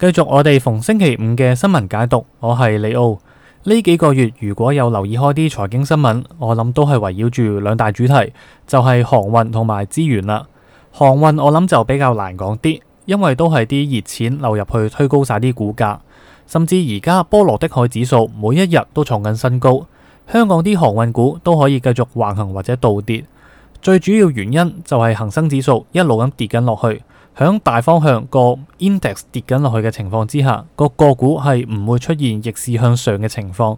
繼續我哋逢星期五嘅新聞解讀，我係李奧。呢幾個月如果有留意開啲財經新聞，我諗都係圍繞住兩大主題，就係航運同埋資源啦。航運我諗就比較難講啲，因為都係啲熱錢流入去推高晒啲股價，甚至而家波羅的海指數每一日都創緊新高，香港啲航運股都可以繼續橫行或者倒跌。最主要原因就係恒生指數一路咁跌緊落去。響大方向個 index 跌緊落去嘅情況之下，個個股係唔會出現逆市向上嘅情況。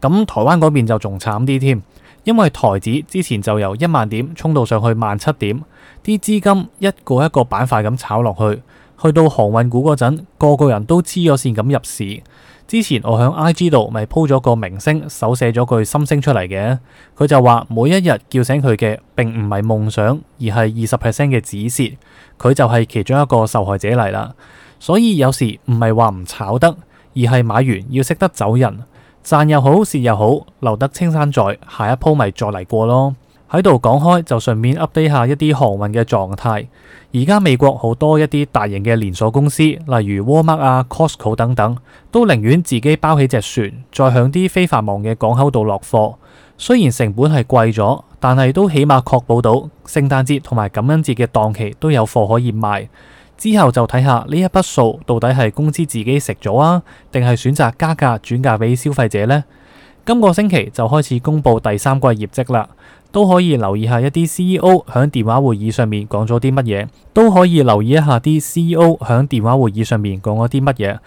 咁台灣嗰邊就仲慘啲添，因為台指之前就由一萬點衝到上去萬七點，啲資金一個一個板塊咁炒落去，去到航運股嗰陣，個個人都黐咗線咁入市。之前我喺 IG 度咪鋪咗個明星手寫咗句心聲出嚟嘅，佢就話每一日叫醒佢嘅並唔係夢想，而係二十 percent 嘅止蝕。佢就係其中一個受害者嚟啦。所以有時唔係話唔炒得，而係買完要識得走人，賺又好蝕又好，留得青山在，下一鋪咪再嚟過咯。喺度講開就順便 update 下一啲航運嘅狀態。而家美國好多一啲大型嘅連鎖公司，例如 Walmart 啊、Costco 等等，都寧願自己包起隻船，再響啲非繁忙嘅港口度落貨。雖然成本係貴咗，但係都起碼確保到聖誕節同埋感恩節嘅檔期都有貨可以賣。之後就睇下呢一筆數到底係公司自己食咗啊，定係選擇加價轉嫁俾消費者呢？今個星期就開始公布第三季業績啦，都可以留意下一啲 CEO 響電話會議上面講咗啲乜嘢，都可以留意一下啲 CEO 響電話會議上面講咗啲乜嘢，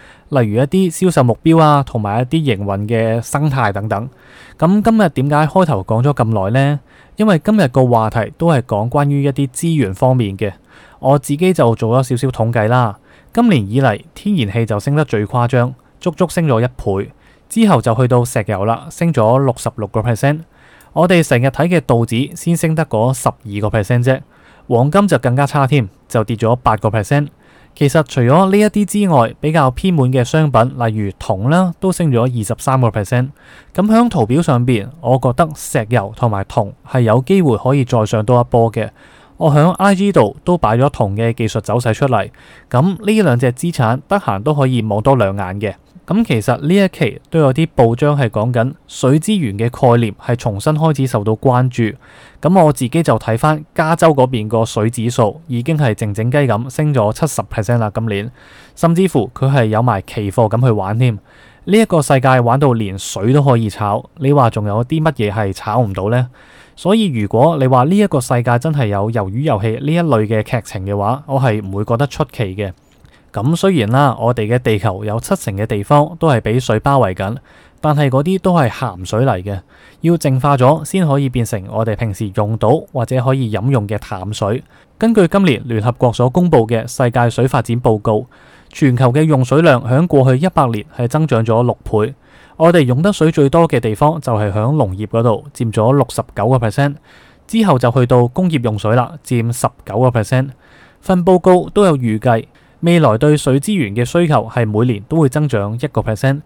例如一啲銷售目標啊，同埋一啲營運嘅生態等等。咁今日點解開頭講咗咁耐呢？因為今日個話題都係講關於一啲資源方面嘅，我自己就做咗少少統計啦。今年以嚟，天然氣就升得最誇張，足足升咗一倍。之後就去到石油啦，升咗六十六個 percent。我哋成日睇嘅道指先升得嗰十二個 percent 啫。黃金就更加差添，就跌咗八個 percent。其實除咗呢一啲之外，比較偏門嘅商品，例如銅啦，都升咗二十三個 percent。咁響圖表上邊，我覺得石油同埋銅係有機會可以再上多一波嘅。我響 IG 度都擺咗銅嘅技術走勢出嚟。咁呢兩隻資產，得閒都可以望多兩眼嘅。咁其實呢一期都有啲報章係講緊水資源嘅概念係重新開始受到關注。咁我自己就睇返加州嗰邊個水指數已經係靜靜雞咁升咗七十 percent 啦，今年甚至乎佢係有埋期貨咁去玩添。呢、這、一個世界玩到連水都可以炒，你話仲有啲乜嘢係炒唔到呢？所以如果你話呢一個世界真係有魷魚遊戲呢一類嘅劇情嘅話，我係唔會覺得出奇嘅。咁雖然啦，我哋嘅地球有七成嘅地方都係被水包圍緊，但係嗰啲都係鹹水嚟嘅，要淨化咗先可以變成我哋平時用到或者可以飲用嘅淡水。根據今年聯合國所公布嘅《世界水發展報告》，全球嘅用水量響過去一百年係增長咗六倍。我哋用得水最多嘅地方就係響農業嗰度，佔咗六十九個 percent，之後就去到工業用水啦，佔十九個 percent。份報告都有預計。未來對水資源嘅需求係每年都會增長一個 percent，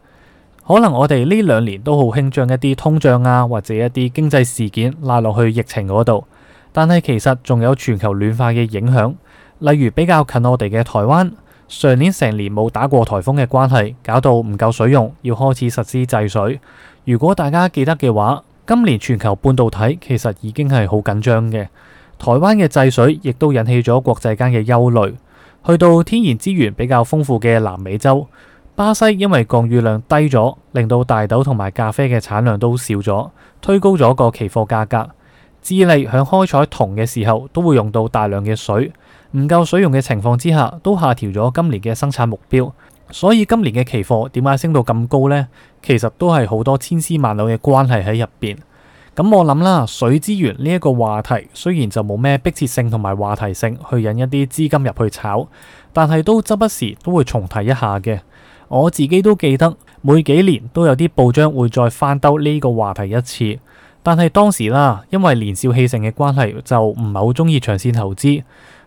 可能我哋呢兩年都好傾向一啲通脹啊，或者一啲經濟事件拉落去疫情嗰度，但係其實仲有全球暖化嘅影響，例如比較近我哋嘅台灣，上年成年冇打過颱風嘅關係，搞到唔夠水用，要開始實施制水。如果大家記得嘅話，今年全球半導體其實已經係好緊張嘅，台灣嘅制水亦都引起咗國際間嘅憂慮。去到天然資源比較豐富嘅南美洲，巴西因為降雨量低咗，令到大豆同埋咖啡嘅產量都少咗，推高咗個期貨價格。智利響開採銅嘅時候都會用到大量嘅水，唔夠水用嘅情況之下都下調咗今年嘅生產目標。所以今年嘅期貨點解升到咁高呢？其實都係好多千絲萬縷嘅關係喺入邊。咁、嗯、我諗啦，水資源呢一個話題雖然就冇咩迫切性同埋話題性去引一啲資金入去炒，但係都執不時都會重提一下嘅。我自己都記得每幾年都有啲報章會再翻兜呢個話題一次，但係當時啦，因為年少氣盛嘅關係，就唔係好鍾意長線投資。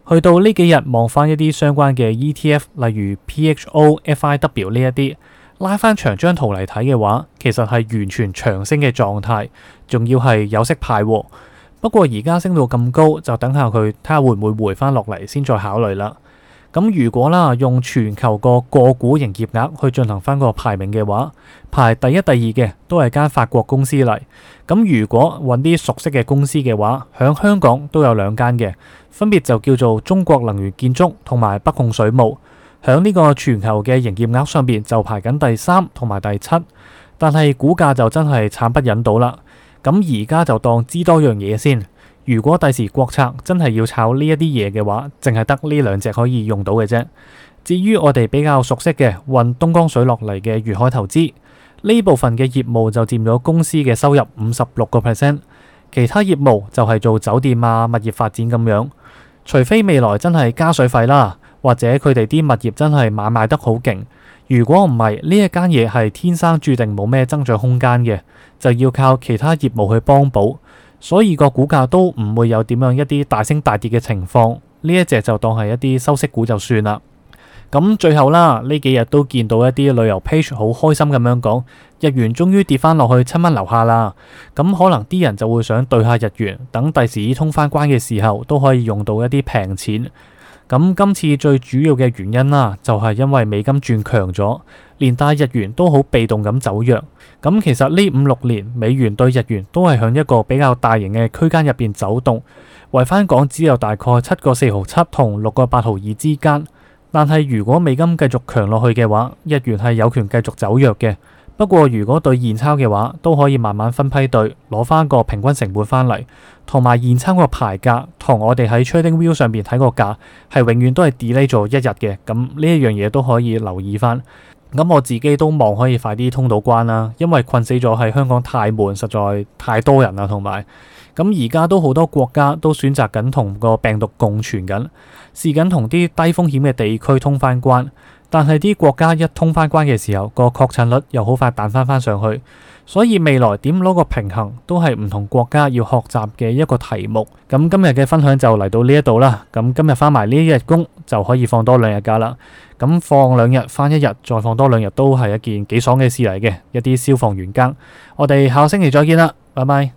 去到呢幾日望翻一啲相關嘅 ETF，例如 PHO、FIW 呢一啲。拉翻長張圖嚟睇嘅話，其實係完全長升嘅狀態，仲要係有色派啊。不過而家升到咁高，就等下佢睇下會唔會回翻落嚟先再考慮啦。咁如果啦用全球個個股營業額去進行翻個排名嘅話，排第一、第二嘅都係間法國公司嚟。咁如果揾啲熟悉嘅公司嘅話，響香港都有兩間嘅，分別就叫做中國能源建築同埋北控水務。喺呢個全球嘅營業額上邊就排緊第三同埋第七，但係股價就真係慘不忍睹啦。咁而家就當知多樣嘢先。如果第時國策真係要炒呢一啲嘢嘅話，淨係得呢兩隻可以用到嘅啫。至於我哋比較熟悉嘅運東江水落嚟嘅粵海投資，呢部分嘅業務就佔咗公司嘅收入五十六個 percent，其他業務就係做酒店啊、物業發展咁樣。除非未來真係加水費啦。或者佢哋啲物業真係買賣得好勁，如果唔係呢一間嘢，係天生注定冇咩增長空間嘅，就要靠其他業務去幫補，所以個股價都唔會有點樣一啲大升大跌嘅情況。呢一隻就當係一啲收息股就算啦。咁最後啦，呢幾日都見到一啲旅遊 page 好開心咁樣講，日元終於跌翻落去七蚊樓下啦。咁可能啲人就會想兌下日元，等第時通翻關嘅時候都可以用到一啲平錢。咁今次最主要嘅原因啦，就係因為美金轉強咗，連帶日元都好被動咁走弱。咁其實呢五六年美元對日元都係向一個比較大型嘅區間入邊走動，為返港紙有大概七個四毫七同六個八毫二之間。但係如果美金繼續強落去嘅話，日元係有權繼續走弱嘅。不過，如果對現鈔嘅話，都可以慢慢分批對攞翻個平均成本翻嚟，同埋現鈔個牌價同我哋喺 TradingView 上邊睇個價，係永遠都係 delay 咗一日嘅。咁呢一樣嘢都可以留意翻。咁我自己都望可以快啲通到關啦，因為困死咗喺香港太悶，實在太多人啦，同埋。咁而家都好多國家都選擇緊同個病毒共存緊，試緊同啲低風險嘅地區通翻關。但係啲國家一通翻關嘅時候，個確診率又好快彈翻翻上去。所以未來點攞個平衡，都係唔同國家要學習嘅一個題目。咁今日嘅分享就嚟到呢一度啦。咁今日翻埋呢一日工，就可以放多兩日假啦。咁放兩日翻一日，再放多兩日都係一件幾爽嘅事嚟嘅。一啲消防員更，我哋下個星期再見啦，拜拜。